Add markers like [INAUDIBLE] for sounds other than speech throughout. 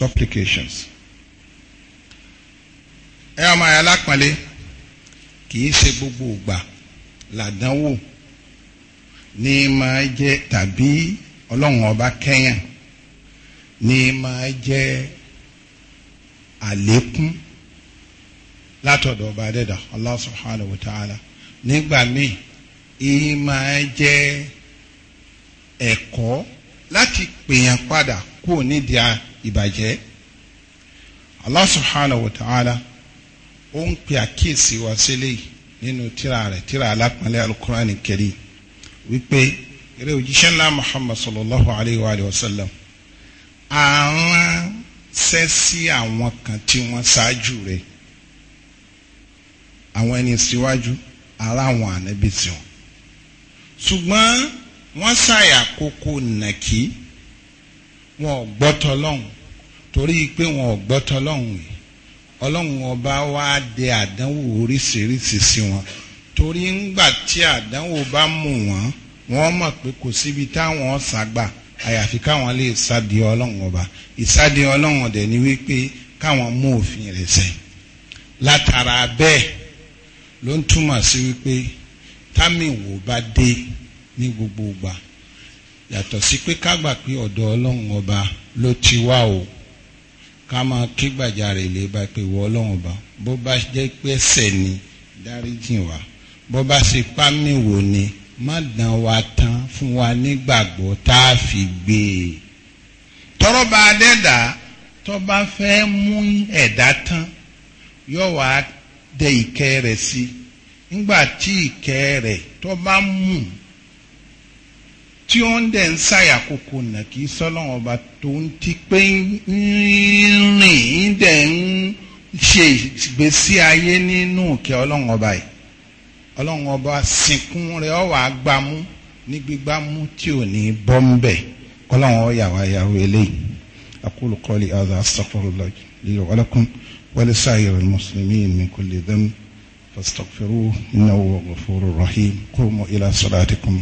supplications. ẹ ọmọ ayé alápọ̀nlé kì í ṣe gbogbo ìgbà làdánwò ní máa jẹ tàbí ọlọ́run ọba kẹ́yàn ní máa jẹ àlékún látọ̀dọ̀ ọba adẹ́dà Allah subhanahu wa ta'ala nígbà míì ìyí máa jẹ ẹ̀kọ́ láti pèèyàn padà kúrò nídìí ìbàjẹ́ Allah subhanahu wa ta'ala ó ń pe àkíyèsí wa sílẹ̀ nínú tíra rẹ̀ tíra alápọ̀nlé alukur'an kẹrì wípé eré òjíṣẹ́ ńlá Muhammad sallallahu alayhi wa sallam àwọn sẹ́sí àwọn kan tí wọ́n ṣáájú rẹ̀ àwọn ẹni síwájú ara àwọn ànábì tiwọn ṣùgbọ́n wọ́n ṣàyà kókó nàkí wọn ò gbọ́tọ̀ lọ́hùn torí pé wọn ò gbọ́tọ̀ lọ́hùn yìí ọlọ́run ọba wá de àdánwò oríṣiríṣi sí wọn torí ńgbà tí àdánwò bá mú wọn wọn mọ̀ pé kò síbi táwọn ṣàgbà àyàfi káwọn lè sáde ọlọ́run ọba ìsáde ọlọ́run ọ̀dẹ̀ ni wípé káwọn mú òfin rẹ̀ sẹ́yìn látara bẹ́ẹ̀ ló ń túmọ̀ sí wípé támìwò bá dé ní gbogbo ìgbà yàtọ̀ sí pé ká gbà pé ọ̀dọ̀ ọlọ́run ọba ló ti wá o ká máa ké gbàjarè lè bá pé wọ ọlọ́run ọba bó bá jẹ́ pé ẹ̀ṣẹ̀ ni dáríjìn wá bó bá ṣe pámì wò ni má dán wa tán fún wa nígbàgbọ́ tá a fi gbé e tọrọ bá a dẹ́dà tó bá fẹ́ mú ẹ̀dá tán yóò wá dẹ ìkẹ́ rẹ̀ sí nígbà tí ìkẹ́ rẹ̀ tó bá mú tí ó ń dẹ̀ ń ṣàyàkókò nà kí sọ́lọ́wọ́n ọba tó ń ti pé ń rìn ń dẹ̀ ń ṣe ìgbésí ayé nínú òkè ọlọ́run ọba yìí ọlọ́run ọba sìnkún rẹ̀ ọ wàá gbámú ní gbígbámú tí ò ní bọ́ ń bẹ̀ kọ́lọ́run ọ yàwá yàwó eléyìí aqulu qawli hadha astaghfirullah li wa lakum wa li sa'iril muslimin min kulli dhanb fastaghfiruhu innahu huwa ghafurur rahim qumu ila salatikum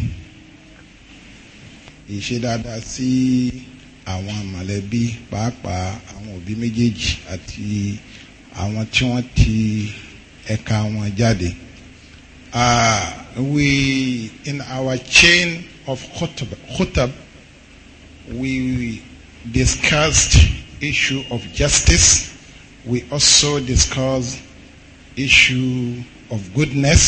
ìṣe dáadáa sí àwọn mọ̀lẹ́bí pàápàá àwọn òbí méjèèjì àti àwọn tí wọ́n ti ẹ̀ka wọn jáde. we in our chain of khutab, we discussed issue of justice. We also discussed issue of goodness.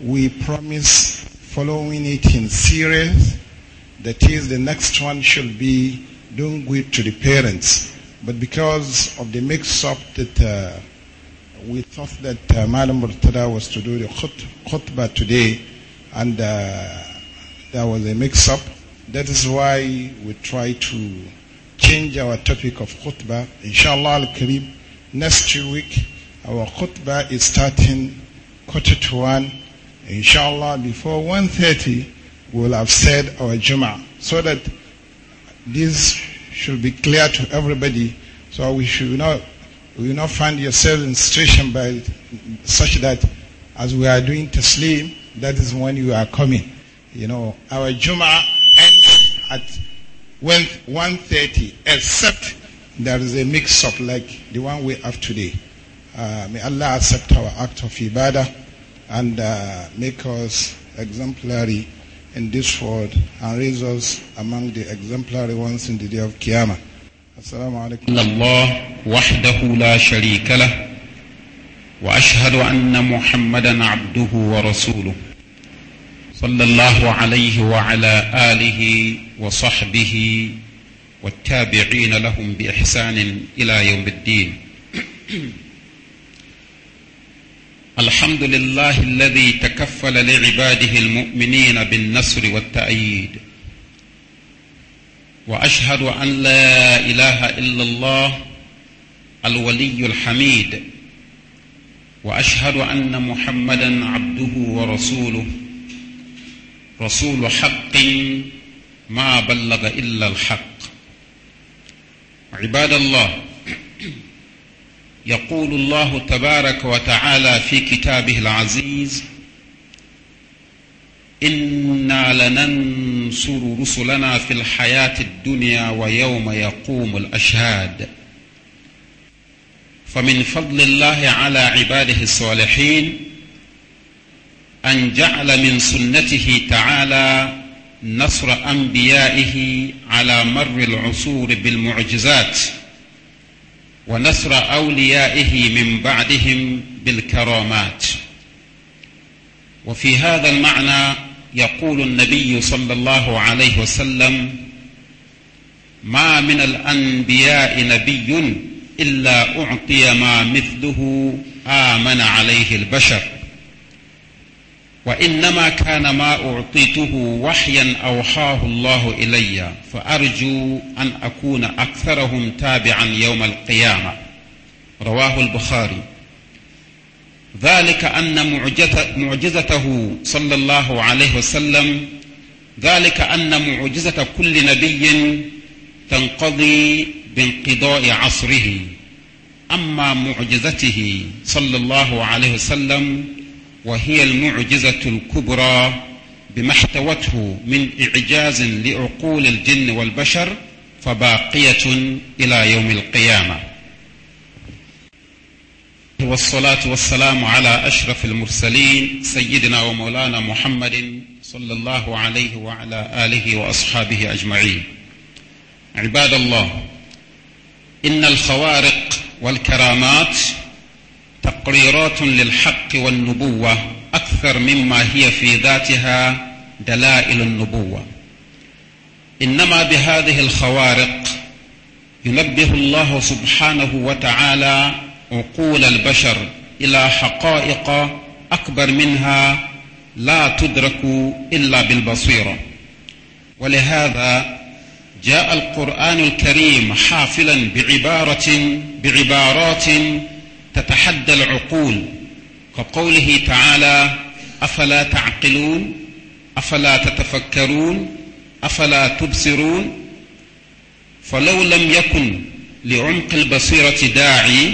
We promise following it in series That is, the next one should be doing good to the parents. But because of the mix-up that uh, we thought that uh, Madam Murtada was to do the khut- khutbah today, and uh, there was a mix-up, that is why we try to change our topic of khutbah. Inshallah al-Karim, next week our khutbah is starting quarter to one. Inshallah, before 1.30, will have said our Juma so that this should be clear to everybody. So we should not, we will not find yourself in situation by such that as we are doing Taslim, that is when you are coming. You know, our Juma ends at 1.30 except there is a mix-up like the one we have today. Uh, may Allah accept our act of ibadah and uh, make us exemplary in this world and raise us among the exemplary ones in the day of Qiyamah. السلام عليكم. أن الله وحده لا شريك له وأشهد أن محمدا عبده ورسوله صلى الله عليه وعلى آله وصحبه والتابعين لهم بإحسان إلى يوم الدين الحمد لله الذي تكفل لعباده المؤمنين بالنصر والتأييد وأشهد أن لا إله إلا الله الولي الحميد وأشهد أن محمدا عبده ورسوله رسول حق ما بلغ إلا الحق عباد الله يقول الله تبارك وتعالى في كتابه العزيز إنا لننصر رسلنا في الحياة الدنيا ويوم يقوم الأشهاد فمن فضل الله على عباده الصالحين أن جعل من سنته تعالى نصر أنبيائه على مر العصور بالمعجزات ونصر أوليائه من بعدهم بالكرامات وفي هذا المعنى يقول النبي صلى الله عليه وسلم ما من الأنبياء نبي إلا أعطي ما مثله آمن عليه البشر وإنما كان ما أعطيته وحيا أوحاه الله إلي فأرجو أن أكون أكثرهم تابعا يوم القيامة رواه البخاري ذلك أن معجزته صلى الله عليه وسلم ذلك أن معجزة كل نبي تنقضي بانقضاء عصره أما معجزته صلى الله عليه وسلم وهي المعجزة الكبرى بما احتوته من إعجاز لعقول الجن والبشر فباقية إلى يوم القيامة والصلاة والسلام على أشرف المرسلين سيدنا ومولانا محمد صلى الله عليه وعلى آله وأصحابه أجمعين عباد الله إن الخوارق والكرامات تقريرات للحق والنبوة أكثر مما هي في ذاتها دلائل النبوة إنما بهذه الخوارق ينبه الله سبحانه وتعالى عقول البشر إلى حقائق أكبر منها لا تدرك إلا بالبصيرة ولهذا جاء القرآن الكريم حافلا بعبارة بعبارات تتحدى العقول كقوله تعالى أفلا تعقلون أفلا تتفكرون أفلا تبصرون فلو لم يكن لعمق البصيرة داعي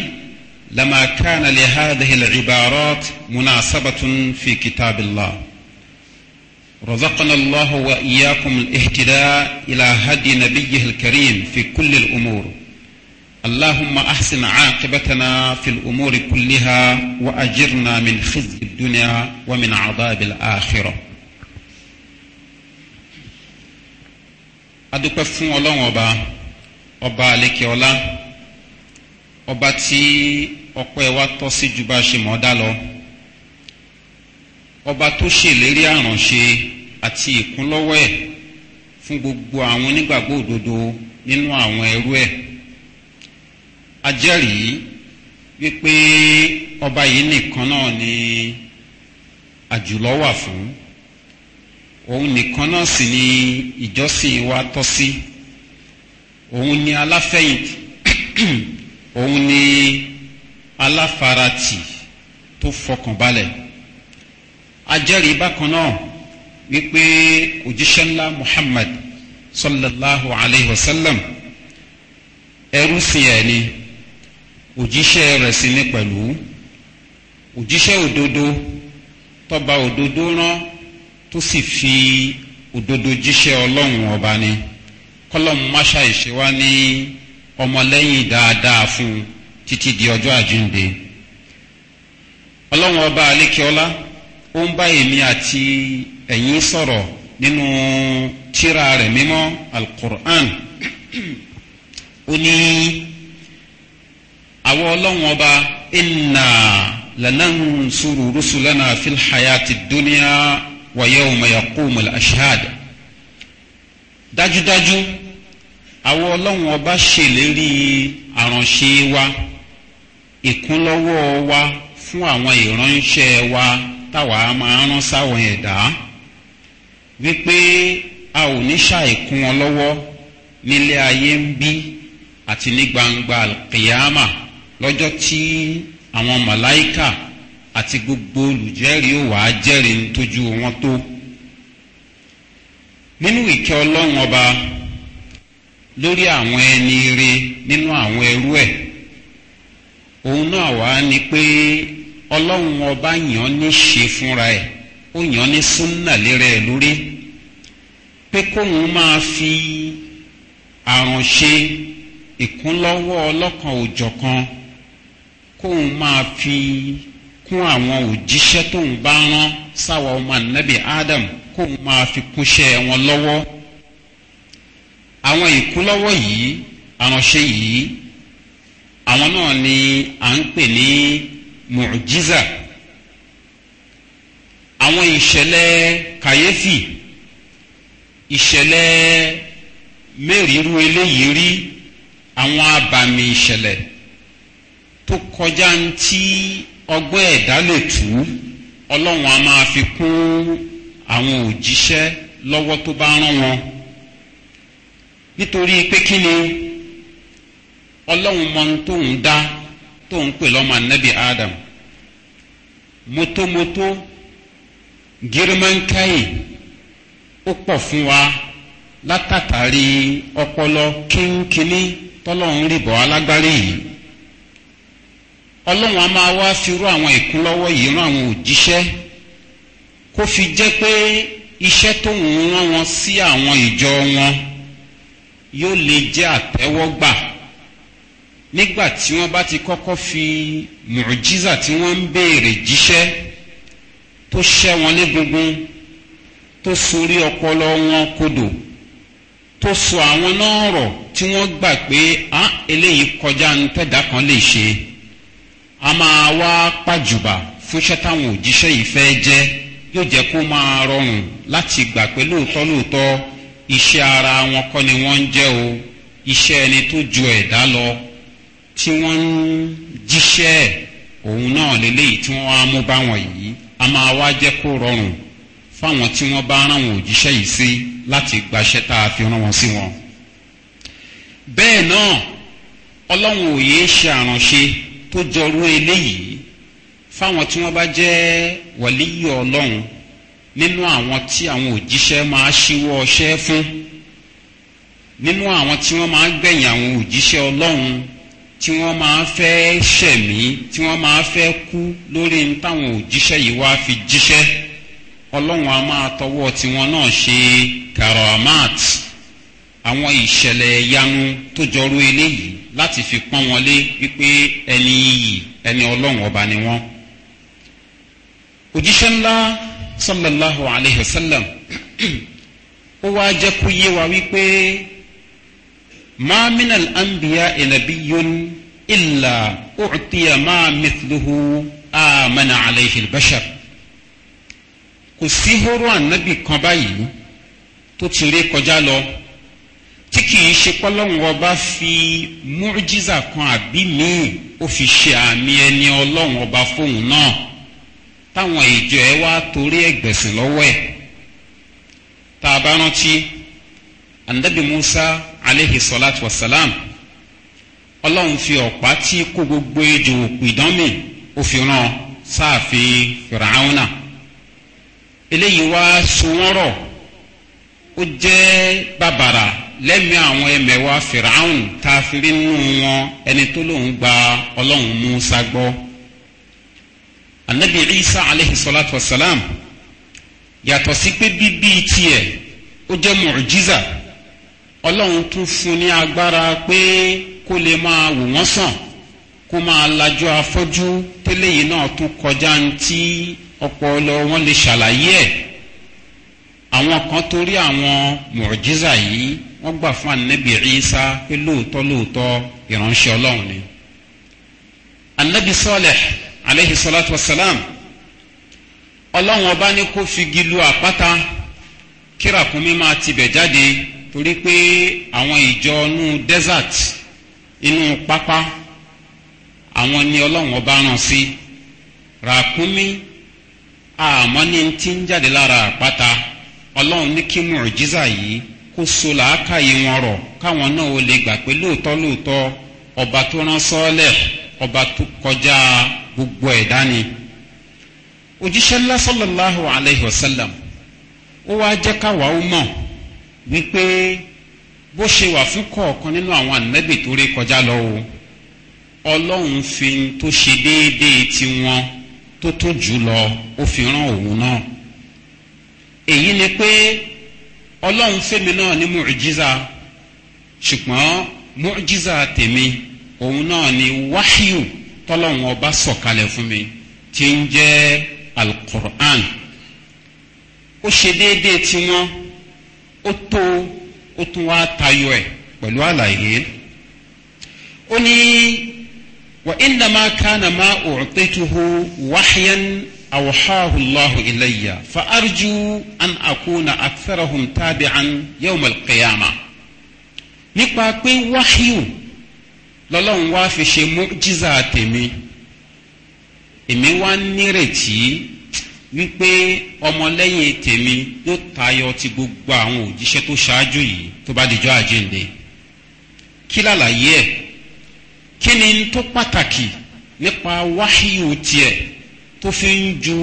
لما كان لهذه العبارات مناسبة في كتاب الله رزقنا الله وإياكم الاهتداء إلى هدي نبيه الكريم في كل الأمور اللهم أحسن عاقبتنا في الأمور كلها وأجرنا من خزي الدنيا ومن عذاب الآخرة adúpẹ́ fún ọlọ́run ọba ọba àlekè ọlá ọba tí ọpẹ́ wa tọ́ sí ju bá a ṣe mọ̀ ọ́ dá lọ ọba tó ṣèlérí àrànṣe àti ìkúnlọ́wọ́ ẹ̀ fún gbogbo àwọn onígbàgbọ́ òdodo nínú àwọn ẹrú ẹ̀ ajẹ́rìí wípé ọba yìí nìkan náà ni àjùlọ wà fún òun nìkan náà sì ni ìjọsìn wa tọ́ sí òun ni aláfẹ̀yìntì [CLEARS THROAT] òun ni aláfaratì tó fọkànbalẹ̀ ajẹ́rìí bákan náà wípé òjíṣẹ́ ńlá muhammad sallallahu alayhi wa sallam ẹrú sí ẹ̀ ni òjíṣẹ́ rẹ̀ sì ni pẹ̀lú òjíṣẹ́ òdodo tọba òdodo rán tó sì fi òdodo jíṣẹ́ ọlọ́run ọba ni kọ́lọ́mù máṣá ìṣèwá ní ọmọlẹ́yìn dáadáa fún títí di ọjọ́ àjíǹde ọlọ́run ọba alékeọlá ó ń bá èmi àti ẹ̀yin sọ̀rọ̀ nínú tíra rẹ̀ mímọ́ alukur'an ó ní àwọn ọlọ́run ọba ìnà lànàhùn sùrù rúṣùlánà fìlhàyàtì dúníà wàyẹ̀ òmàyàkó mọ̀lá ashad dájúdájú àwọn ọlọ́run ọba ṣèlérí àránṣe wa ìkúnlọ́wọ́ wa fún àwọn ìránṣẹ́ wa táwa máa rán sáwọn ẹ̀dá wípé a ò ní ṣàìkún wọn lọ́wọ́ nílé ayé ń bí àti ní gbangba kìyàmà lọ́jọ́ tí àwọn màláìkà àti gbogbo olùjẹ́rìí ò wá jẹ́rìí nítòjú wọn tó nínú ìkẹ́ ọlọ́run ọba lórí àwọn ẹni ire nínú àwọn ẹrú ẹ̀ òun náà wá ni pé ọlọ́run ọba yàn ní ṣe fúnra ẹ̀ ó yàn ní súnnà lérè lórí pé kóun máa fi àrùn ṣe ìkúnlọ́wọ́ ọlọ́kan òjọ̀kan kóun máa fi kún àwọn òjíṣẹ́ tóun bá rán sáwọn ọmọ ànábì adam kóun máa fi kúnṣẹ́ wọn lọ́wọ́ àwọn ìkúlọ́wọ́ yìí àránṣe yìí àwọn náà ni à ń pè ní mùjíza àwọn ìṣẹ̀lẹ̀ kàyéfì ìṣẹ̀lẹ̀ mẹ́rìírú eléyìí rí àwọn abàmì ìṣẹ̀lẹ̀. tó kọjá ntí tí ọgbọ́n ẹ̀dá lè tú ọlọ́run a máa fi kún àwọn òjíṣẹ́ lọ́wọ́ tó bá rán wọn nítorí pé kí ni ọlọ́run mọ ohun tóun dá tóun pè lọ́mọ anabi adam mótómótó gírímọ́ńkáyì ó pọ̀ fún wa látàtàrí ọpọlọ kínkínní tọ́lọ́run rìbọ̀ alágbárí yìí ọlọ́run a máa wá fi rú àwọn ìkúnlọ́wọ́ yìí rán àwọn òjíṣẹ́ kó fi jẹ́ pé iṣẹ́ tóun rán wọn sí àwọn ìjọ wọn yóò lè jẹ́ àtẹ́wọ́gbà nígbà tí wọ́n bá ti kọ́kọ́ fi mùjíza tí wọ́n ń béèrè jíṣẹ́ tó ṣẹ́ wọn légungun tó sorí ọpọlọ wọn kodò tó so àwọn náà rọ̀ tí wọ́n gbà pé á ah, eléyìí kọjá ń tẹ̀dá kan lè ṣe a máa wá pàjùbà fúnṣẹ́ táwọn òjíṣẹ́ yìí fẹ́ jẹ́ yóò jẹ́ kó máa rọrùn láti gbà pé lóòótọ́ lóòótọ́ iṣẹ́ ara wọn kọ́ ni wọ́n ń jẹ́ o iṣẹ́ ẹni tó ju ẹ̀dá lọ tí wọ́n ń jíṣẹ́ òun náà lélẹ́yìí tí wọ́n á mú bá wọn yìí a máa wá jẹ́ kó rọrùn fáwọn tí wọ́n bá rán wọn òjíṣẹ́ yìí sí láti gbaṣẹ́ tá a fi rán wọn sí wọn. bẹ́ẹ̀ náà ọlọ́run òye ṣe àránṣe tó jọrú eléyìí fáwọn tí wọ́n bá jẹ́ wàlíyí ọlọ́run nínú àwọn tí àwọn òjíṣẹ́ máa ṣíwọ́ ọṣẹ́ fún nínú àwọn tí wọ́n máa gbẹ̀yìn àwọn òjíṣẹ́ ọlọ́run tí wọ́n máa fẹ́ ṣẹ̀mí tí wọ́n máa fẹ́ kú lórí táwọn òjíṣẹ́ yìí wá fi jíṣẹ́ ọlọ́run a máa tọwọ́ tiwọn náà ṣe karamat àwọn ìṣẹ̀lẹ̀ yanu tó jọrú eléyìí láti fi pọ́n wọn lé wípé ẹni iyì ẹni ọlọ́run ọba ni wọ́n. òjíṣẹ́ ńlá sallallahu alayhi wa sallam ó wáá jẹ́ kó yé wa wípé ma min al-anbiya inabiyyun illa uctiya ma amana alayhi al kò sí horo kan báyìí tó ti rí kọjá lọ tí kìí ṣe pọ́lọ́hún ọba fi mújísà kan àbí míì ó fi ṣe àmì ẹni ọlọ́hún ọba fóun náà táwọn ìjọ ẹ wá torí ẹgbẹ̀sìn lọ́wọ́ ẹ̀ tá a bá rántí andabi musa aleyhi salatu wa salam ọlọ́run fi ọ̀pá tí kó gbogbo ejò òpìdánmì ó fi ràn sáàfin fìràhánà eléyìí wá so ó jẹ́ bàbàrà lẹ́mìí àwọn ẹmẹ̀wá fìràhùn tá a fi rí nínú wọn ẹni tó lòun gba ọlọ́run musa gbọ́. anabi isa aleyhi salatu wa salam yàtọ̀ sí pé bíbí tiẹ̀ ó jẹ́ mọ̀jíza ọlọ́run tún fún ní agbára pé kó lè máa wò wọ́n sàn kó máa lajú afọ́jú tẹ́lẹ̀ yìí náà tún kọjá ntí ọpọlọ wọn lè ṣàlàyé ẹ̀ àwọn kan torí àwọn mọ̀jíza yìí wọ́n gbà fún anabi Isa pé lóòótọ́ lóòótọ́ ìránṣẹ́ ọlọ́run ni anabi Salih aleyhi salatu wa salam ọlọ́run ọba ní kó figi lu àpáta kírakùnmí máa tibẹ̀ jáde torí pé àwọn ìjọ inú desert inú pápá àwọn ni ọlọ́run ọba rán sí ràkúnmí àmọ́ ní ti ń jáde lára àpáta ọlọ́run ní kí mùrùjísà yìí kó so làákàyè wọn rọ̀ káwọn náà ó lè gbà pé lóòótọ́ lóòótọ́ ọba tó rán sọ́ọ́lẹ̀ ọba tó kọjá gbogbo ẹ̀dá ni. òjíṣẹ́ ńlá sọ́lọ́láhùn aláìhí ọ̀sálàm ó wáá jẹ́ káwa ó mọ̀ wípé bó ṣe wà fún kọ̀ọ̀kan nínú àwọn ànábì tó rí kọjá lọ o ọlọ́run fi tó ṣe déédéé tiwọn tó tó jù lọ ó fi rán òun náà èyí ni pé ọlọ́run fẹ́mi náà ní mùjíza ṣùgbọ́n mùjíza tèmi òun náà ni wáhíù tọ́lọ́run ọba sọ̀kalẹ̀ fún mi ti ń jẹ́ alukur'an ó ṣe déédéé tiwọn ó tó ó tún wá tayọ ẹ̀ pẹ̀lú àlàyé ó ní wà ìnàmá kánàmá òrùtẹ́tuhu wáhíyán. أوحاه الله إلي فأرجو أن أكون أكثرهم تابعا يوم القيامة nípa pé wáhíù lọ́lọ́run wá fi ṣe mújíza وان èmi wá nírètí wípé ọmọlẹ́yìn tèmi yóò tayọ ti gbogbo àwọn òjíṣẹ́ tó ṣáájú yìí tó bá dijọ́ àjíǹde kí lálàyé ẹ̀ kí ni tó pàtàkì nípa wáhíù tiẹ̀ tó fi ń ju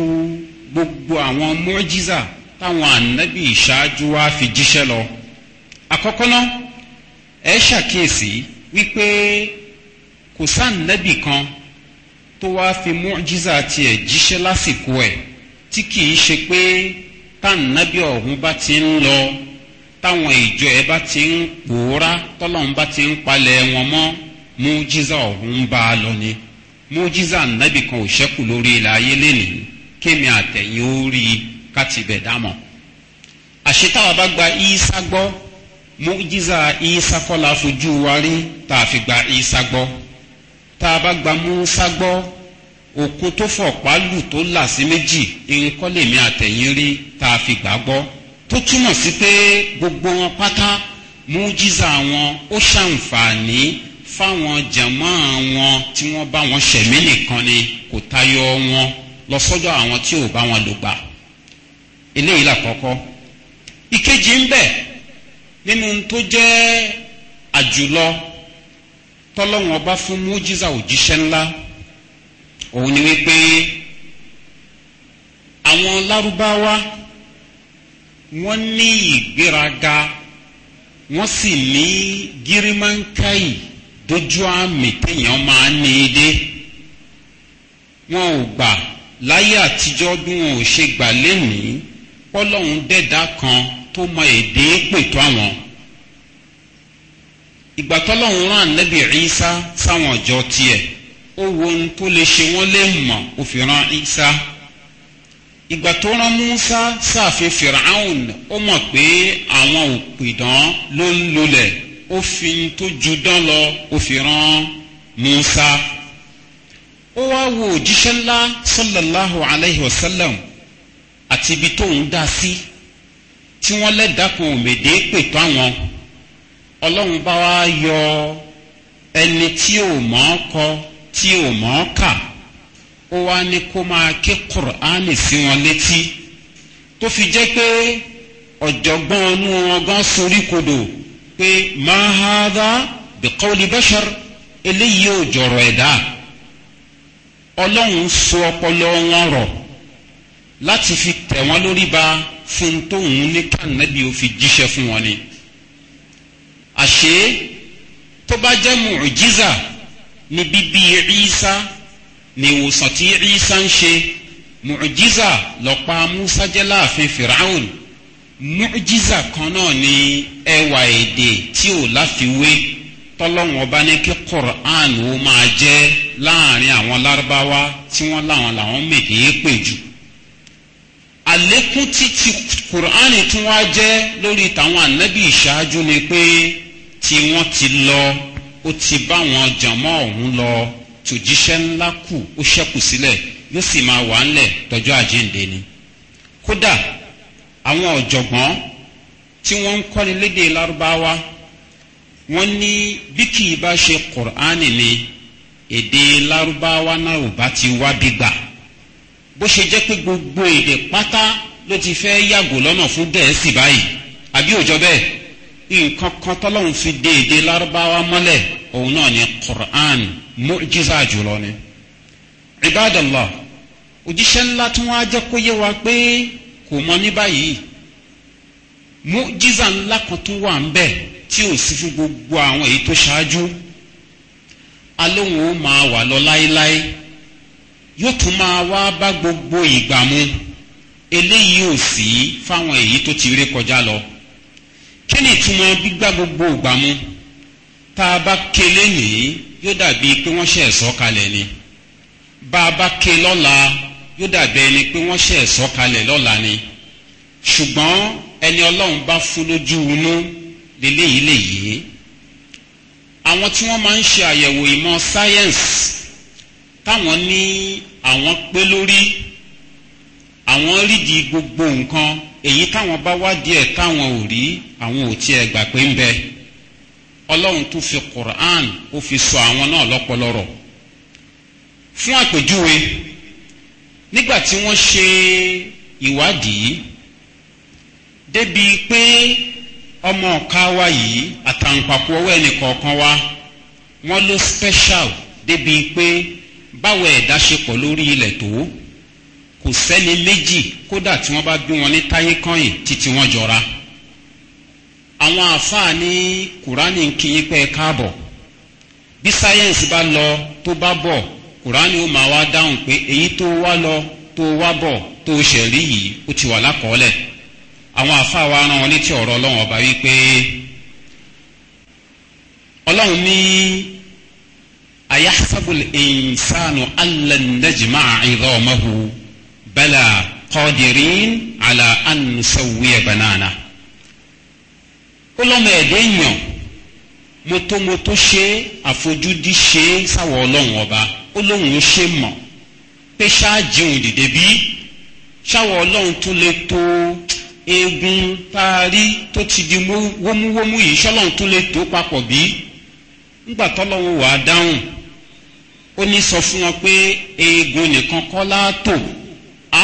gbogbo àwọn mọ́jísà táwọn ànábì ìṣáájú wa fi jíṣẹ́ lọ àkọ́kọ́ náà ẹ ṣàkíyèsí wípé kò sáànábì kan tó wá fi mọ́jísà tiẹ̀ jíṣẹ́ lásìkò ẹ̀ tí kì í ṣe pé táànábì ọ̀hún bá ti ń lọ táwọn ìjọ ẹ bá ti ń pòórá tọ́lọ́run bá ti ń palẹ̀ wọn mọ́ mọ́jísà ọ̀hún bá a lọ ni mojiza nabi kan ò ṣẹ́kù lórí ilẹ̀ ayé lénìí kémi àtẹ̀yìn ó rí dámọ̀ àṣetáwa bá gba ìsá gbọ́ mojiza ìsá kọ́ la fojú wa rí tá a fi gba ìsá gbọ́ tá a bá gba musa gbọ́ òkun tó fọ̀ pálù tó là sí méjì nǹkan lèmi àtẹ̀yìn rí tá a fi gbà gbọ́ tó túmọ̀ sí pé gbogbo wọn pátá mojiza wọn ó ṣàǹfààní fáwọn jẹ̀mọ́ wọn tí wọ́n bá wọn ṣẹ̀mí nìkan ni kò tayọ wọn lọ sọ́dọ̀ àwọn tí ò bá wọn lò gbà eléyìí làkọ́kọ́ ìkejì ń bẹ nínú tó jẹ́ àjùlọ tọ́lọ́wọ́n bá fún mójísà òjíṣẹ́ ńlá òun ni wípé àwọn lárúbáwá wọ́n ní ìgbéraga wọ́n sì ní gírímánkáì dójú àmì téèyàn máa ń ní i dé wọn ò gbà láyé àtijọ́ bí wọn ò ṣe gbà lénìí pọ́lọ́hún dẹ́dá kan tó mọ èdè pètò àwọn ìgbà tọ́lọ́hún rán nẹ́bí ìsá sáwọn ọjọ́ tiẹ̀ ó wo ohun tó lè ṣe wọ́n lè mọ̀ ó fi rán ìsá ìgbà tó rán musa sáàfin fìràhùn ó mọ̀ pé àwọn òpìdán ló ń lulẹ̀ ó fi tó ju dán lọ rán musa ó wá wo òjíṣẹ́ ńlá sallallahu alayhi wa sallam àti ibi tóun dá sí tí wọ́n lẹ́dàkùn òmèdè pètò àwọn ọlọ́run bá wá yọ ẹni tí ò mọ̀ ọ́ kọ tí ò mọ̀ ọ́ kà ó wá ní kó máa ké kùránì sí wọn létí tó fi jẹ́ pé ọ̀jọ̀gbọ́n ọnú wọn sorí kodò pé máa ha dá bìkọ́lì bẹ́ṣẹ̀r eléyìí ò jọ̀rọ̀ ẹ̀dá ọlọ́run fún ọpọlọ wọn rọ̀ láti fi tẹ̀ wọ́n lórí ba fún tóun ní kànáàbí ò fi jíṣẹ́ fún wọn ni àṣé tó bá jẹ́ mùjíza ní bíbí ìrísá ní ìwòsàn tí ìrísá ń ṣe mùjíza lọ́pàá musa jẹ́ láàfin fìràhùn mọ́jísà kan náà ni ẹwà èdè tí ò láfiwé tọ́lọ́wọ́n ọba ní kí quran ó máa jẹ́ láàrin àwọn lárúbáwá tí wọ́n láwọn làwọn mèké pè jù àlékún títí quran tí wọ́n jẹ́ lórí tàwọn ànábì ìṣáájú ni pé tí wọ́n ti lọ ó ti bá wọn jàmọ́ ọ̀hún lọ tòjíṣẹ́ ńlá kù ó ṣẹ́kù sílẹ̀ yóò sì máa wà ńlẹ̀ tọ́jú àjíǹde ni kódà àwọn ọ̀jọ̀gbọ́n tí wọ́n ń kọ́ni léde lárúbáwá wọ́n ní bí kì í bá ṣe kùránì ni èdè lárúbáwá náà ò bá ti wá bí gbà bó ṣe jẹ́ pé gbogbo èdè pátá ló ti fẹ́ yàgò lọ́nà fún gẹ̀ẹ́sì báyìí àbí òjọ bẹ́ẹ̀ nǹkan kan tọ́lọ́hún fi dé èdè lárúbáwá mọ́lẹ̀ òun náà ni quran mujiza jùlọ ni ibadallah òjíṣẹ́ ńlá tí wọ́n á jẹ́ kó yé wa pé kò mọ ní báyìí mujiza ńlá kan tó wà ń bẹ̀ tí ò sí fún gbogbo àwọn èyí tó ṣáájú alóhùn ó máa wà lọ láéláé yóò tún máa wá bá gbogbo ìgbà mu eléyìí ò sí fáwọn èyí tó ti rí kọjá lọ kí ni ìtumọ̀ gbígbá gbogbo ìgbà mu tá a bá ké lénìí yóò dàbí pé wọ́n ṣe ẹ̀sọ́ kalẹ̀ ni bá a bá ké lọ́la yóò dàbí ẹni pé wọ́n ṣẹ̀ sọ́kalẹ̀ lọ́la ni ṣùgbọ́n ẹni ọlọ́run bá fún lójú inú lélẹ́yìí lè yé àwọn tí wọ́n máa ń ṣe àyẹ̀wò ìmọ̀ sáyẹ́ǹsì táwọn ní àwọn pé lórí àwọn rídìí gbogbo nǹkan èyí táwọn bá wá díẹ̀ táwọn ò rí àwọn ò tiẹ̀ gbà pé ń bẹ ọlọ́run tún fi quran ó fi sọ àwọn náà lọ́pọlọrọ̀ fún àpèjúwe nígbà tí wọ́n ṣe ìwádìí débi pé ọmọ ọ̀ka wa yìí àtàǹpàkò ọwọ́ ẹnìkọ̀ọ̀kan wa wọ́n ló special débi pé báwo ẹ̀dá ṣe pọ̀ lórí ilẹ̀ tó kò sẹ́ni méjì kódà tí wọ́n bá gbé wọn ní táyé kọ́yìn títí wọ́n jọra àwọn àáfàá ní kùránì ń kí yín pé káàbọ̀ bí sáyẹ́ǹsì bá lọ tó bá bọ̀ kùránì ó máa wá dáhùn pé èyí tó wá lọ tó wá bọ̀ tó ṣẹ̀rí yìí ó ti wà lákọọ́lẹ̀ àwọn àfáà wa rán wọn létí ọ̀rọ̀ ọlọ́run ọba wípé ọlọ́run ní ayahsabul insanu alanajima idọ́mahu bala kọ́dirin ala ansawiya banana ó lọ́mọ ẹ̀dẹ́ yàn mọ́tòmọ́tò ṣe àfojúdi ṣe sáwọ́ ọlọ́run ọba ó lóun ṣe mọ̀ pé ṣáàjì òun dìde bí ṣáwọ̀ ọlọ́run tó lè tó eegun parí tó ti di wómúwómú yìí ṣọ́lọ́run tó lè tó papọ̀ bí ńgbà tọ́lọ́wọ́ wà á dáhùn ó ní sọ fún wọn pé eegun nìkan kọ́ látò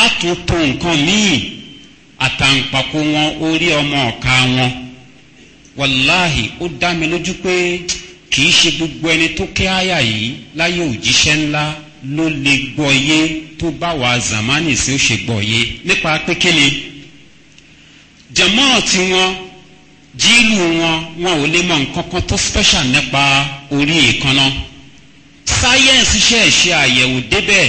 àtúntò nǹkan míì àtàǹpàkò wọn orí ọmọ ọ̀ka wọn wàláhì ó dá mi lójú pé kì í ṣe gbogbo ẹni tó kí àyà yìí láyé òjíṣẹ́ ńlá ló lè gbọ́ yé tó bá wà zamani sí ó ṣe gbọ́ yé nípa pé kí ni jẹ̀mọ́ọ̀ tí jíìlù wọn wọn ò lè mọ nǹkan tó special nípa orí èékánná sáyẹ́ǹsì ṣe ṣe àyẹ̀wò débẹ̀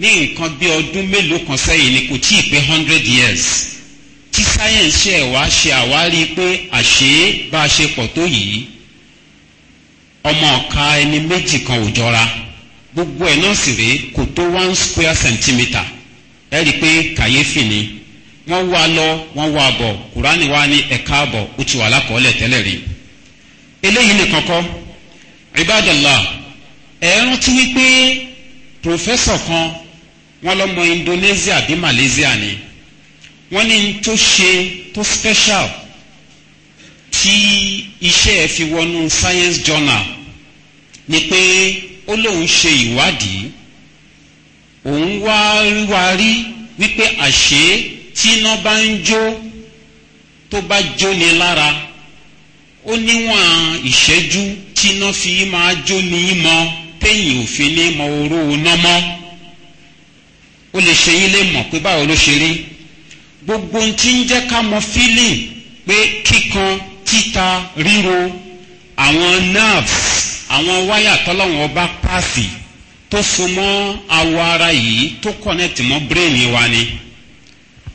ní nǹkan bí ọdún mélòó kan sẹ́yìn ni kò tíì pé hundred years tí sáyẹ́ǹsì ṣe wá ṣe àwárí pé àṣé bá a ṣe pọ̀ tó yìí ọmọ ọ̀ka ẹni méjì kan ò jọra gbogbo ẹ̀ náà sì rèé kò tó one square centimeter. ẹ rí i pé kàyéfì ni wọ́n wá lọ wọ́n wá bọ̀ kùránì wá ní ẹ̀ka àbọ̀ ó ti wà lákọọ́lẹ̀ tẹ́lẹ̀ rí eléyìí nìkan kọ́ ibadala ẹ rántí wípé pòfẹ́sọ̀ kan wọ́n lọ́mọ indonesia bí malaysia ni wọ́n ní tó ṣe tó special tí iṣẹ́ ẹ fi wọnú science journal ni pé ó lóun ṣe ìwádìí òun wá wá rí wípé àṣé tíná bá ń jó tó bá jóni lára ó níwọ̀n ìṣẹ́jú tíná fi máa jóni mọ́ téyìn òfin ní mọ oró oná mọ́ ó lè ṣe yín lè mọ̀ pé báwo ló ṣe rí gbogbo ohun tí ń jẹ́ ká mọ feeling pé kíkan títa ríro àwọn nerves àwọn wáyà tọ́lọ́wọ́n ọba páàsì tó so mọ́ awọ ara yìí tó kọ́nẹ́tì mọ́ bírèèni wa ni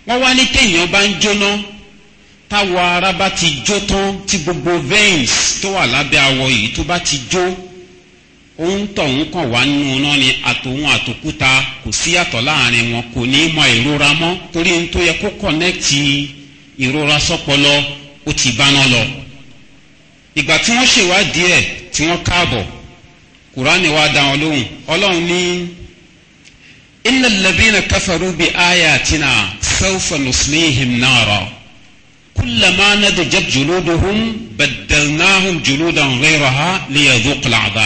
wọ́n wá ní kéèyàn bá ń jóná táwọ ara bá ti jó tán tí gbogbo veins tó wà lábẹ́ awọ yìí tó bá ti jó òun tọ̀hún kàn wá nínú náà ni àtòun àtòkúta kò síyàtọ̀ láàrin wọn kò ní mọ ìrora mọ́ torí n tó yẹ kó kọ́nẹ́tì ìrora sọ́pọlọ ó ti bá náà lọ ìgbà tí wọ́n ṣèwádìí ẹ̀ tí wọ́n káàbọ̀ kùránì wa dá wọn lóhùn ọlọ́run ní iná lẹ́bínà káfàrú bí àyà àtinà sẹ́wfà nùsùlẹ́hìn náírà kúlẹ̀má nàdí jẹ́ jùlódòhùn bẹ̀dẹ̀lnáhùn jùlódàn rírọ̀há lẹ́yà dúkùlà àbá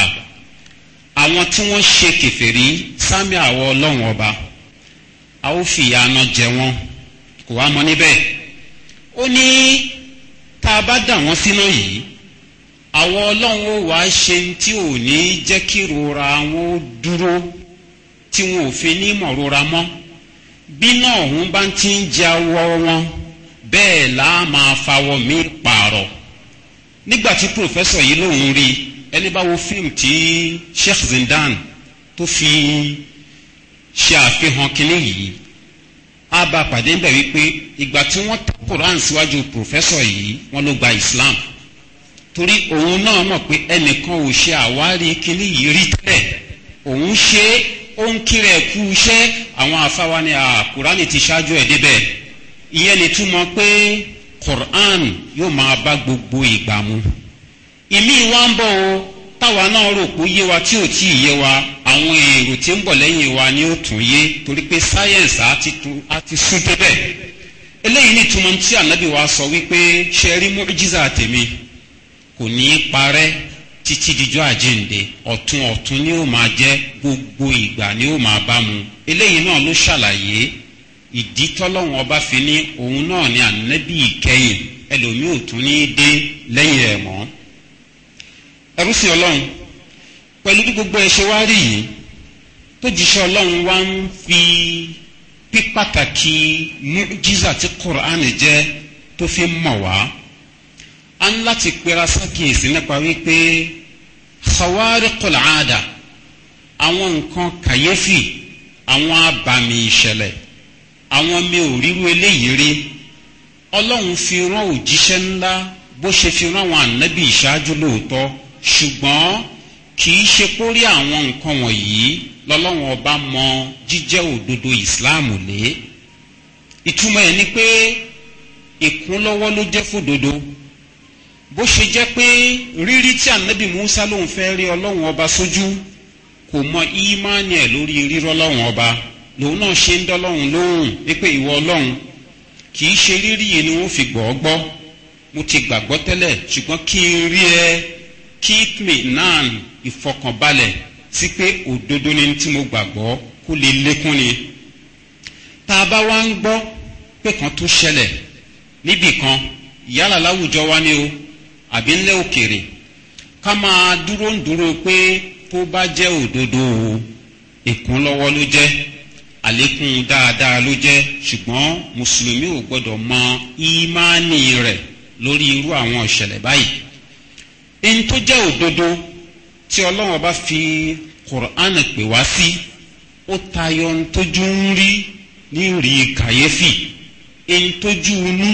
àwọn tí wọ́n ṣe kẹfẹ́rí sámi àwọ ọlọ́run ọba a ó fìyà jẹ wọn kò wá mọ níbẹ̀ ó ní tá a bá dà wọ́n sínú yìí àwọn ọlọ́run ó wàá ṣe tí ò ní jẹ́ kí ìrora wọn ó dúró tí wọn ò fi ní mọ̀rora mọ́ bí náà òun bá ti ń jẹ awọ wọn bẹ́ẹ̀ là á máa fawọ́ mi pààrọ̀ nígbà tí pòfẹ́sọ̀ yìí lòun rí ẹni bá wo fíìmù tí sheikh zindan tó fi ṣe àfihàn kínní yìí á bá pàdé ń bẹ̀ wípé ìgbà tí wọ́n ta koran síwájú pòfẹ́sọ̀ yìí wọ́n ló gba islam torí òun náà mọ̀ pé ẹnìkan ò ṣe àwárí kíní yìí rí tẹ́lẹ̀ òun ṣe ó ń kí rẹ̀ kú iṣẹ́ àwọn afáwa ni àkùránì ti ṣáájú ẹ̀ débẹ̀ ìyẹn ni túmọ̀ pé quran yóò máa bá gbogbo ìgbà mu ìmí wa ń bọ̀ o táwa náà rò pé yé wa tí ò tí ì yé wa àwọn èrò tí ń bọ̀ lẹ́yìn wa ni ó tún yé torí pé sáyẹ̀nsì á ti sún débẹ̀ eléyìí ni túmọ̀ tí ànábì wa sọ wípé ṣe rí mọ́jísà tèmi kò ní í parẹ́ títí dijọ́ àjíǹde ọ̀tún ọ̀tún ni ó máa jẹ́ gbogbo ìgbà ni ó máa bá mu eléyìí náà ló ṣàlàyé ìdí tọ́lọ́hún ọba fi ní òun náà ni ànábì ìkẹyìn ẹlòmíì ò tún ní í dé lẹ́yìn ẹ̀ mọ́ ẹrú sí ọlọ́run pẹ̀lú bí gbogbo ẹ ṣe wá rí yìí tó jíṣẹ́ ọlọ́run wá ń fi pípàtàkì mú jíza tí kùránì jẹ́ tó fi mọ̀ wá a ń láti pera sákìyèsí nípa wípé khawariqul aada àwọn nǹkan kàyéfì àwọn abàmì ìṣẹ̀lẹ̀ àwọn mi ò ríru eléyìí rí ọlọ́run fi rán òjíṣẹ́ ńlá bó ṣe fi rán àwọn ànábì ìṣáájú lóòótọ́ ṣùgbọ́n kì í ṣe kórí àwọn nǹkan wọ̀nyí lọ́lọ́run ọba mọ jíjẹ́ òdodo ìsìláàmù lé ìtumọ̀ ẹ̀ ni pé ìkúnlọ́wọ́ ló jẹ́ fòdodo bó ṣe jẹ́ pé rírí tí ànábì musa lòun fẹ́ rí ọlọ́run ọba sójú kò mọ ímánì ẹ̀ lórí rírọ́ ọlọ́run ọba lòun náà ṣe ń dọ́lọ́run lóhùn wípé ìwọ ọlọ́run kì í ṣe rírí yìí ni wọ́n fi gbọ́ gbọ́ mo ti gbàgbọ́ tẹ́lẹ̀ ṣùgbọ́n kí n rí ẹ keep me nan ìfọkànbalẹ̀ sí pé òdodo ni tí mo gbàgbọ́ kó lè lékún ni tá a bá wá ń gbọ́ pé kan tó ṣẹlẹ̀ níbì kan yálà láwùjọ wa ni o àbí ńlẹ̀ òkèèrè ká máa dúró ń dúró pé tó bá jẹ́ òdodo o ìkún lọ́wọ́ ló jẹ́ àlékún dáadáa ló jẹ́ ṣùgbọ́n mùsùlùmí ò gbọ́dọ̀ mọ ìmánì rẹ̀ lórí irú àwọn ìṣẹ̀lẹ̀ báyìí ẹni tó jẹ́ òdodo tí ọlọ́run bá fi kùránì pè wá sí ó tayọ ohun tójú ń rí ní rí kàyéfì ẹni tójú inú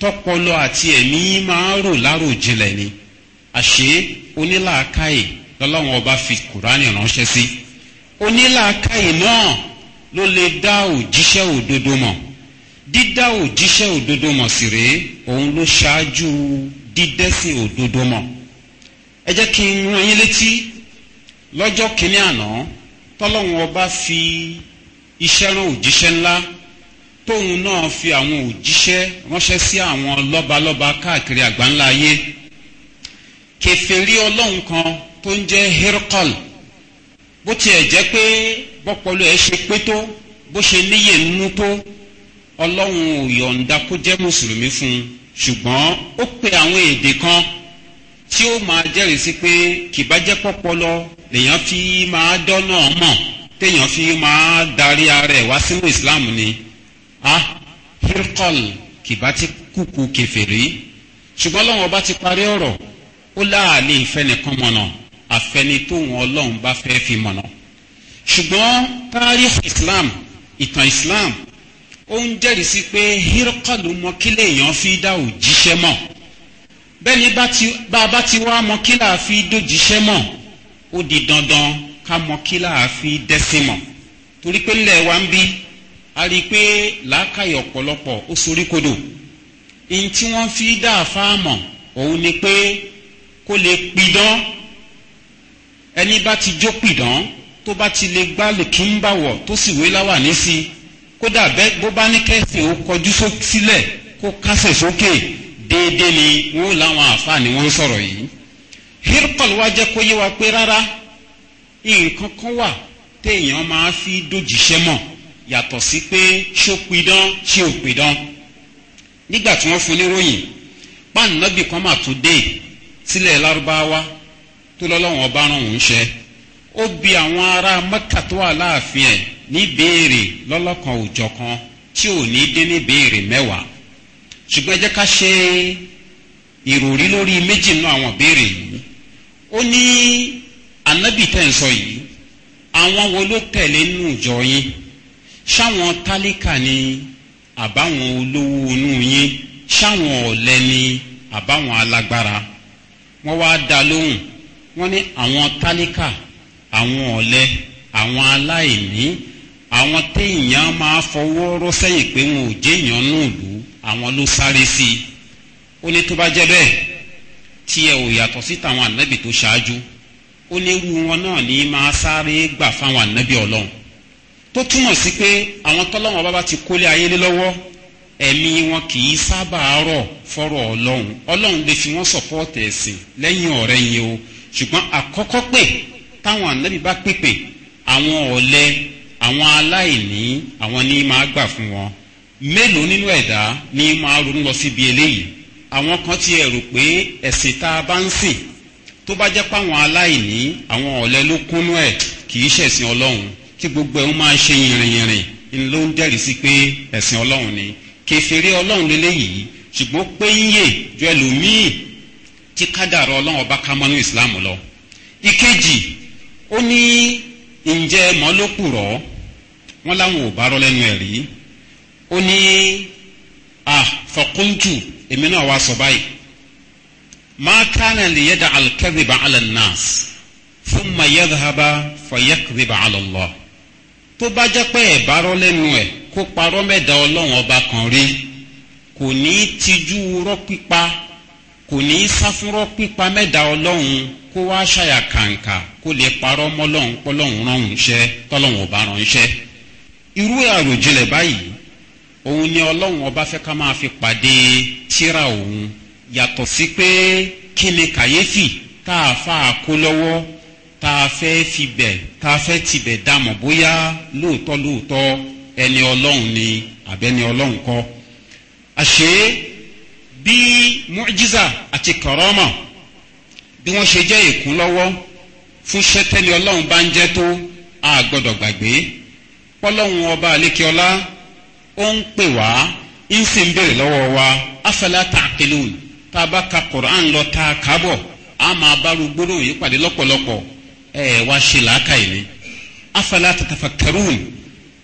tọpọlọ àti ẹ̀mí máa ń rò láròjinlẹ̀ ni àṣé onílàákàyè lọ́lọ́run ọba fi kùránì ránṣẹ́ sí onílàákàyè náà ló lè dá òjíṣẹ́ òdodo mọ̀ dídá òjíṣẹ́ òdodo mọ̀ sí rèé òun ló ṣáájú dídẹ́sìn òdodo mọ̀ ẹ jẹ́ kí n rán yín létí lọ́jọ́ kínní àná tọ́lọ́run ọba fi iṣẹ́ rán òjíṣẹ́ ńlá tóun náà fi àwọn òjíṣẹ́ ránṣẹ́ sí àwọn lọ́balọ́ba káàkiri àgbáńlá ayé kẹfẹ́rí ọlọ́run kan tó ń jẹ́ hercule bó tiẹ̀ jẹ́ pé bọ́pọ̀lọ́ ẹ̀ ṣe pé tó bó ṣe níyè nínú tó ọlọ́run ò yọ̀ǹda kó jẹ́ mùsùlùmí fún un ṣùgbọ́n ó pe àwọn èdè kan tí ó máa jẹ́rìí sí pé kìbájẹ́ pọ́pọ́lọ́ lèèyàn fi máa dọ́nà mọ̀ téèyàn fi máa darí ara ẹ̀ wá sínú ìsìláàmù ni ah hirqal kìbá ti kúkú kẹfẹ́rí ṣùgbọ́n ọlọ́run ọba ti parí ọ̀rọ̀ ó láàlè ìfẹnìkan mọ̀nà àfẹnitóhun ọlọ́run bá fẹ́ fi mọ̀nà ṣùgbọ́n tarikh islam ìtàn islam ó ń jẹ́rìí sí pé hirqalu mọ kílẹ̀ èèyàn fi dá òjíṣẹ́ mọ̀ bẹ́ẹ̀ni bá a bá ti wá mọ kílà fi dójíṣẹ́ mọ̀ ó di dandan ká mọ kílà fi dẹ́sìn mọ̀ torí pé ńlẹ̀ wa ń bí a rí i pé làákàyè ọ̀pọ̀lọpọ̀ ó sorí kodò ihun tí wọ́n fi dá àfáàmọ̀ òun ni pé kó lè pidán ẹni bá ti jó pidán tó bá ti lè gbá lèkínbà wọ̀ tó sì wé láwà nísì kódà bẹ́ẹ̀ bó bá ní kẹ́sì ó kọjú sílẹ̀ kó kásẹ̀ sókè déédéé ni wọ́n láwọn àfáà ni wọ́n sọ̀rọ̀ yìí hirpal wa jẹ́ kó yé wa pé rárá nǹkan kan wà téèyàn máa fi dójìṣẹ́ mọ̀ yàtọ̀ sí pé ṣó pidán ṣé ò pidán nígbà tí wọ́n fún níròyìn páànù nọ́bì kan mà tún dé sílẹ̀ lárúbáwá tó lọ́lọ́wọ́n ọba rán òun ṣe ó bi àwọn ará mẹ́kà tó wà láàfin ẹ̀ ní béèrè lọ́lọ́kan òjọ̀kan tí ò ní dín ní béèrè mẹ́wàá ṣùgbọ́n ẹ jẹ́ ká ṣe ìròrí lórí méjì nínú àwọn béèrè yìí ó ní anábì tẹ̀ ń sọ yìí àwọn wo ló tẹ̀lé nínú ìjọ yín ṣáwọn tálíkà ni àbáwọn olówó inú yín ṣáwọn ọ̀lẹ ni àbáwọn alágbára wọ́n wá dá lóhùn wọ́n ní àwọn tálíkà àwọn ọ̀lẹ àwọn aláìní àwọn téèyàn máa fọwọ́ rọ́ sẹ́yìn pé wọn ò jéèyàn náà lù àwọn ló sáré sí i ó ní tó bá jẹ́ bẹ́ẹ̀ tí ẹ ò yàtọ̀ sí tàwọn ànábì tó ṣáájú ó ní irú wọn náà ní máa sáré gbà fáwọn ànábì ọlọ́run tó túmọ̀ sí pé àwọn tọ́lọ́wọ́n bá bá ti kólé ayé lé lọ́wọ́ ẹ̀mí wọn kì í sábà rọ̀ fọ́rọ̀ ọlọ́run ọlọ́run lè fi wọ́n sọ̀pọ́ọ̀tì ẹ̀sìn lẹ́yìn ọ̀rẹ́ yẹn o ṣùgbọ́n àkọ́kọ́ pè táwọn ànábì bá pèpè àwọn ọ̀lẹ àwọn aláìní àwọn ní máa gbà fún wọn mélòó nínú ẹ̀dá ní máa ronú lọ síbi eléyìí àwọn kan ti ẹ̀rù pé ẹ̀sìn tá a bá ń sìn tó bá jẹ́ pàwọn aláìní àwọn ọ̀lẹ ló kúnú ẹ̀ kì í ṣẹ̀sìn ọlọ́run tí gbogbo ẹ̀ ń máa ṣe yìnrìnyìnrìn ni ló ń dẹ́rìí sí pé ẹ̀sìn ọlọ́run ni kẹfìrí ọlọ́run lélẹ́yìí ṣùgbọ́n pé ń yè ju ẹlòmíì tí kádàrọ̀ ọlọ́run ọba ká mọ́nú islam lọ. ìkejì ó ní ǹjẹ́ mọ́lókùrọ̀ wọn láwọn ò bá rọ lẹ́nu ẹ̀ rí ó ní àfọkúntù èmi náà wá sọ báyìí máa kánà lè yẹ da alkẹ́rìbà alẹ́ nàás fún mayẹ́ dhaba fọyẹ́ kẹ́rìbà alẹ́ tó bá jẹ́ pé ẹ̀bárọ́ lẹ́nu ẹ̀ kó parọ́ mẹ́ta ọlọ́run ọba kan rí kò ní í tijú rọ́ pípa kò ní í sáfúnrọ́ pípa mẹ́ta ọlọ́run kó wá ṣàyà kàǹkà kó lè parọ́ mọ́lọ́run pọ́lọ́run rọrùn iṣẹ́ tọ́lọ́run ọba rán iṣẹ́ irú àròjinlẹ̀ báyìí òun ni ọlọ́run ọba fẹ́ ká máa fi pàdé tíra òun yàtọ̀ sí pé kí ni kàyéfì tá a fà á lọ́wọ́ tá a fẹ́ fi bẹ̀ tá a fẹ́ tibẹ̀ dàmọ̀ bóyá lóòótọ́ lóòótọ́ ẹni ọlọ́run ni àbẹ́ni ọlọ́run kọ́ àṣé bí mọ́jísà àti kọ̀rọ́mà bí wọ́n ṣe jẹ́ ìkúnlọ́wọ́ fún ṣẹ́tẹ́ni ọlọ́run bá ń jẹ́ tó a gbọ́dọ̀ gbàgbé pọ́lọ́hún ọba àlékiọlá ó ń pè wá ń sì ń bèrè lọ́wọ́ wa afẹ́lá tààkìlù tá a bá ka kọ̀rọ̀ à ń lọ ta kábọ̀ a máa bá rúgbóró yìí pàdé lọ́pọ̀lọpọ̀ ẹ wá ṣe làákàyè ni afala tatafakkarun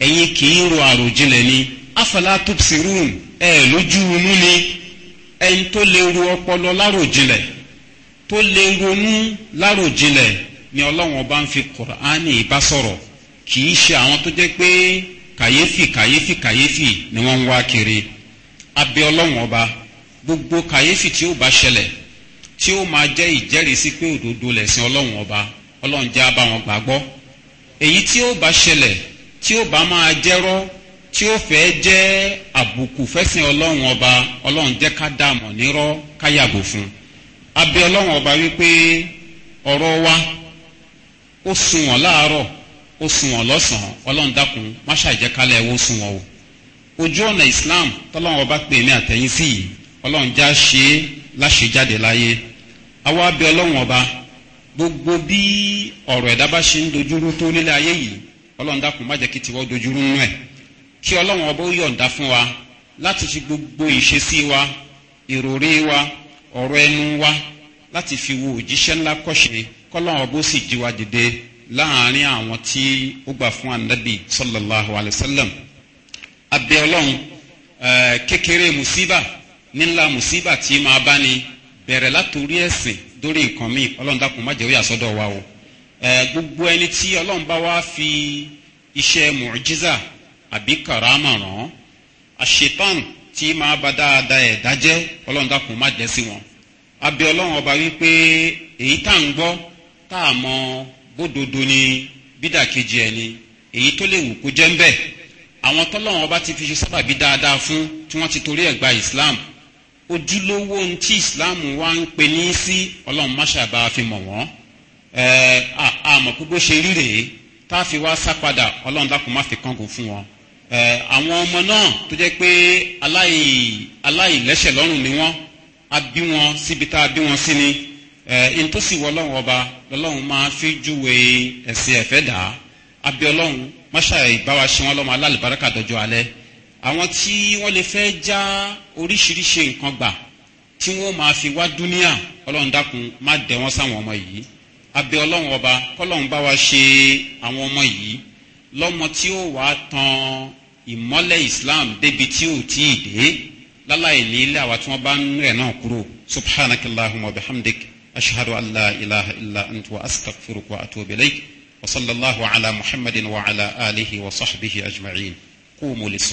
ẹ̀yin kì í ro àròjinlẹ̀ ni afala tupsirun ẹ lójú inú ni ẹni tó lè ro ọpọlọ láròjinlẹ̀ tó lè ronú láròjinlẹ̀ ni ọlọ́run ọba ń fi kùránì bá sọ̀rọ̀ kì í ṣe àwọn tó jẹ́ pé kàyéfì kàyéfì kàyéfì ni wọ́n ń wá kiri abẹ ọlọ́run ọba gbogbo kàyéfì tí ó bá ṣẹlẹ̀ tí ó máa jẹ́ ìjẹ́rìí sí pé òdodo lẹ̀sìn ọlọ́run ọba ọlọ́run jẹ́ abá wọn gbàgbọ́ èyí tí ó bá ṣẹlẹ̀ tí ó bá máa jẹ́rọ́ tí ó fẹ́ jẹ́ àbùkù fẹ́sìn ọlọ́run ọba ọlọ́run jẹ́ ká dààmú nírọ́ ká yàgò fún abẹ́ ọlọ́run ọba wípé ọ̀rọ̀ wa ó sunwọ̀n láàárọ̀ ó sunwọ̀n lọ́sàn-án ọlọ́run dákun má ṣàjẹ́ kálẹ̀ sunwọ̀n o ojú ọ̀nà islam tọ́lọ́run ọba pè mí àtẹ̀yìn sí yìí ọlọ́run já ṣe é láṣejáde láyé àwa abẹ́ ọlọ́run ọba gbogbo bí ọ̀rọ̀ ẹ̀dá bá ṣe ń dojúrú tó nílé ayé yìí ọlọ́run dákun má jẹ́ kí tiwọ́ dojúrú nínú ẹ̀ kí ọlọ́run ọba ó yọ̀ǹda fún wa láti fi gbogbo ìṣesí wa ìròrí wa ọ̀rọ̀ ẹnu wa láti fi wo òjíṣẹ́ ńlá kọ́ṣe kọ́lọ́run ọba ó sì jí wa dìde láàárín àwọn tí ó gbà fún anabi sallallahu alayhi wa sallam abẹ́ ọlọ́run kékeré musiba nílá musiba tí máa bá ni bẹ̀rẹ̀ látòrí ẹ̀sìn dórí nǹkan míì ọlọ́run dákun má jẹ́ ó sọ́dọ̀ wa o gbogbo ẹni tí ọlọ́run bá wá fi iṣẹ́ mùjíza àbí karama ràn àṣetán tí máa ba dáadáa ẹ̀dá jẹ́ ọlọ́run dákun má jẹ́ sí wọn abẹ́ ọlọ́run ọba wípé èyí tá à ń gbọ́ tá à mọ bódodo ni bídàkejì ẹ̀ ni èyí tó lè wù kó jẹ́ ń bẹ̀ àwọn tọ́lọ́run ọba ti fi ṣe sábàbí dáadáa fún tí wọ́n ti torí ẹ̀ gba islam ojúlówó ohun tí islam wá ń pè ní sí ọlọ́run máṣá bá fi mọ̀ wọ́n àmọ́ gbogbo ṣe ríre tá a fi wá sá padà ọlọ́run dákun má fi kángun fún wọn. àwọn ọmọ náà tó jẹ́ pé aláìlẹ́sẹ̀ lọ́rùn ni wọ́n a bí wọn síbi tá a bí wọn sí ni n tó sì wọ ọlọ́run ọba lọ́lọ́run máa fi júwe ẹ̀sìn ẹ̀fẹ́ dà á abẹ́ ọlọ́run máṣá ìbáwa ṣe wọn lọ́mọ alálùbáríkà dọ́jọ́ alẹ́ àwọn tí wọ́n lè fẹ́ já oríṣiríṣi nǹkan gbà tí wọ́n máa fi wá dúníà ọlọ́run dákun má dẹ wọ́n sáwọn ọmọ yìí abẹ ọlọ́run ọba kọ́lọ́run bá wa ṣe àwọn ọmọ yìí lọ́mọ tí ó wàá tan ìmọ́lẹ̀ islam débi tí ò tí ì dé láláì ní ilé àwa tí wọ́n bá ń rẹ̀ náà kúrò subhanakallahumma wa bihamdik ashhadu an ilaha illa anta wa astaghfiruka wa atubu ilayk wa sallallahu ala muhammadin wa ala alihi wa sahbihi ajma'in qumu lis